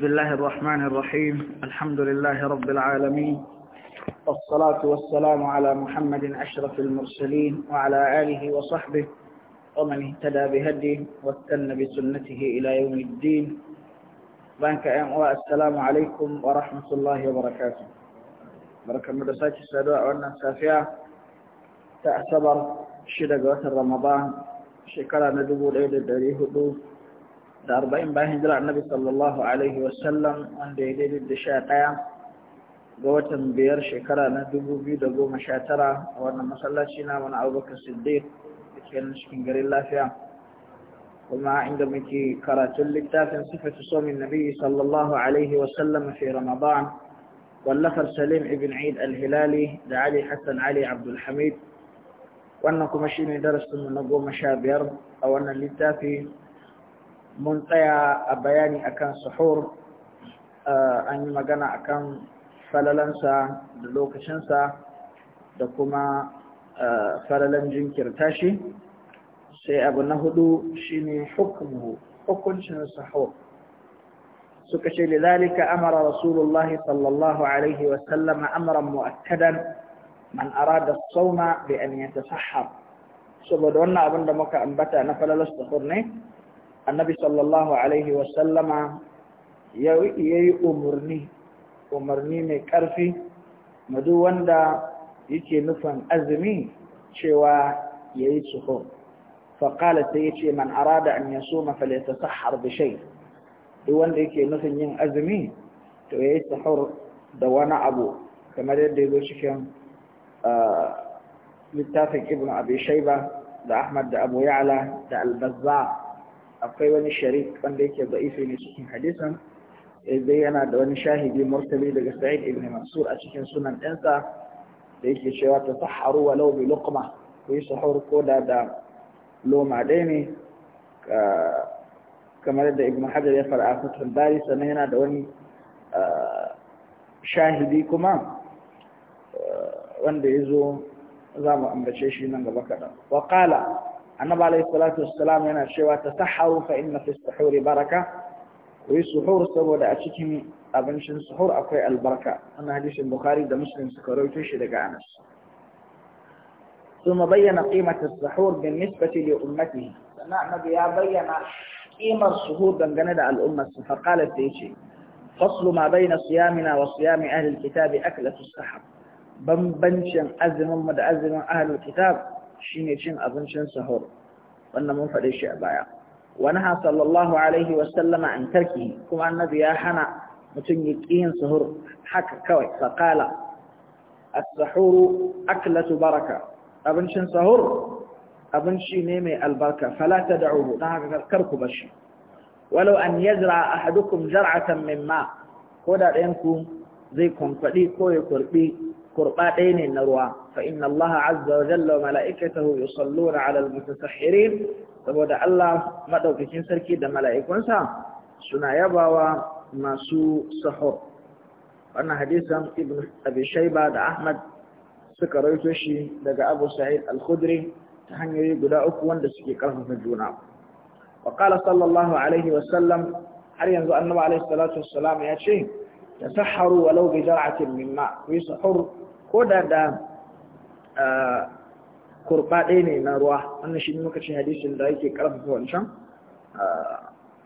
بسم الله الرحمن الرحيم الحمد لله رب العالمين والصلاة والسلام على محمد أشرف المرسلين وعلى آله وصحبه ومن اهتدى بهديه واتن بسنته إلى يوم الدين بانك السلام عليكم ورحمة الله وبركاته بركة مدرسات السادة وأن السافية تعتبر شدق رمضان شكرا ندبو العيد الدريه da arba'in bayan hijira annabi sallallahu alaihi wasallam wanda ya daidai da sha ɗaya ga watan biyar shekara na dubu biyu da goma sha tara a wannan masallaci na wani abubakar siddiq da ke cikin garin lafiya kuma inda muke karatun littafin sifatu somin nabi sallallahu alaihi wasallam fi ramadan wallafar salim ibn eid al-hilali da ali hassan ali abdulhamid wannan kuma shine darasinmu na goma sha biyar a wannan littafi mun tsaya a bayani akan suhur eh, an yi magana akan falalansa da lokacinsa da kuma eh, falalan jinkirta shi sai abu na hudu shine hukumu hukuncin suhur suka ce lalika amara rasulullahi sallallahu alaihi wa sallama mu'akkadan man arada sauna da bi an saboda wannan abin da muka ambata na falalar suhur ne annabi sallallahu alaihi wasallama ya yi umarni umarni mai ƙarfi madu wanda yake nufin azumi cewa ya yi suho faƙala ta yi ce man arada an yaso mafalaita sahar da shai duk wanda yake nufin yin azumi to ya yi da wani abu kamar yadda ya zo cikin littafin ibn abi da ahmad da abu ya'la da albazza akwai wani sharik wanda yake da'ifi ne cikin hadisan eh, dai yana da wani shahidi murtali daga sa'id ibn mansur a cikin sunan ɗansa da yake cewa ta saharu wa lau bi ku yi sahur ko da da loma dai ne kamar da ibn hajar ya fara fitar bari sannan yana da wani ah, shahidi kuma ah, wanda ya zo za mu ambace shi nan gaba kaɗan wa النبي عليه الصلاة والسلام أنا شوى تسحر فإن في السحور بركة ويسحور سبود أشكهم أبنشن سحور أقوي البركة أنا هديش البخاري ده مسلم سكروي تشي دقاء ثم بيّن قيمة السحور بالنسبة لأمته نعم بيا بيّن قيمة السحور دم جندع الأمة فقال تيشي فصل ما بين صيامنا وصيام أهل الكتاب أكلة السحر بمبنشن أزن ومد أزن أهل الكتاب shine cin abincin sahur wannan mun faɗe shi a baya wani ha sallallahu alaihi wasallama an tarki kuma annabi ya hana mutum ya yin sahur haka kawai faƙala as-sahuru aklatu baraka abincin sahur abinci ne mai albarka fala tad'uhu dan haka karku bashi walau an yazra ahadukum zar'atan mimma ko da ɗayan ku zai kwamfaɗi ko ya kurɓi kurɓa ɗaya ne na ruwa fa inna Allah azza wa jalla wa mala'ikatahu yusalluna 'ala al saboda Allah madaukakin sarki da mala'ikunsa suna yabawa masu sahur wannan hadisan ibn abi shayba da ahmad suka rawaito shi daga abu sa'id al-khudri ta hanyoyi guda uku wanda suke karfafa juna wa qala sallallahu alaihi wa sallam har yanzu annabi alaihi salatu wassalam ya ce ta saharu walau bi zar'atin min ma ku yi sahur ko da da kurba ne na ruwa wannan shi muka ce hadisin da yake karfafa wancan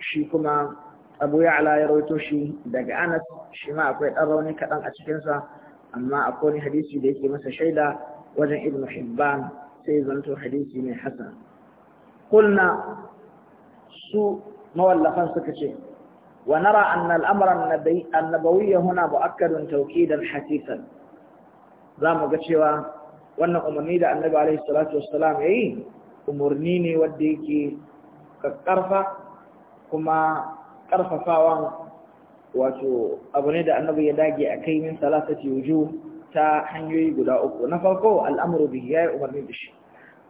shi kuma abu ya ala ya rawaito shi daga anas shi ma akwai ɗan rauni kaɗan a cikinsa amma akwai wani hadisi da yake masa shaida wajen ibn hibban sai zanto hadisi mai hasan kulna su mawallafan suka ce ونرى أن الأمر النبي النبوي هنا مؤكد توكيدا حثيثا زام قتشوا وأن أمرني ده النبي عليه الصلاة والسلام أي أمرنيني وديكي كقرفة كما قرفة فاوان wato abu ne da annabi ya dage a kai min salatati wujuh ta hanyoyi guda uku na farko al'amru bihi ya umarni da shi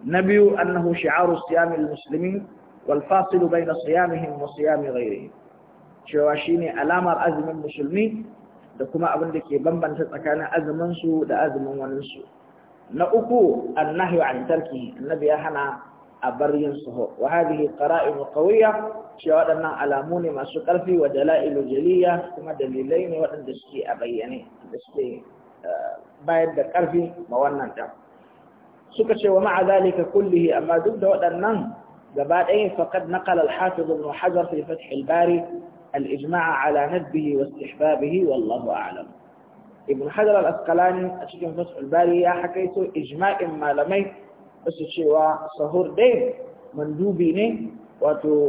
na biyu annahu shi'aru siyamil muslimin wal fasilu bayna siyamihim wa cewa shine alamar azumin musulmi da kuma abin da ke bambanta tsakanin azuminsu da azumin waninsu na uku annahyu an tarki annabi biya hana a bar yin suho wa hadhihi qara'in cewa waɗannan alamu ne masu ƙarfi wa dala'ilu jaliya kuma dalilai ne waɗanda suke a bayyane da suke eh, bayar da ƙarfi ma wannan ɗan suka ce wa ma'a zalika kullihi amma duk da waɗannan gaba ɗaya faqad naqala al-hafiz hajar fi fath al الإجماع على ندبه واستحبابه والله أعلم ابن حجر الأسقلاني أشكي فتح البالي يا حكيته إجماع ما لمي أسكي وصهور دين مندوبي ne wato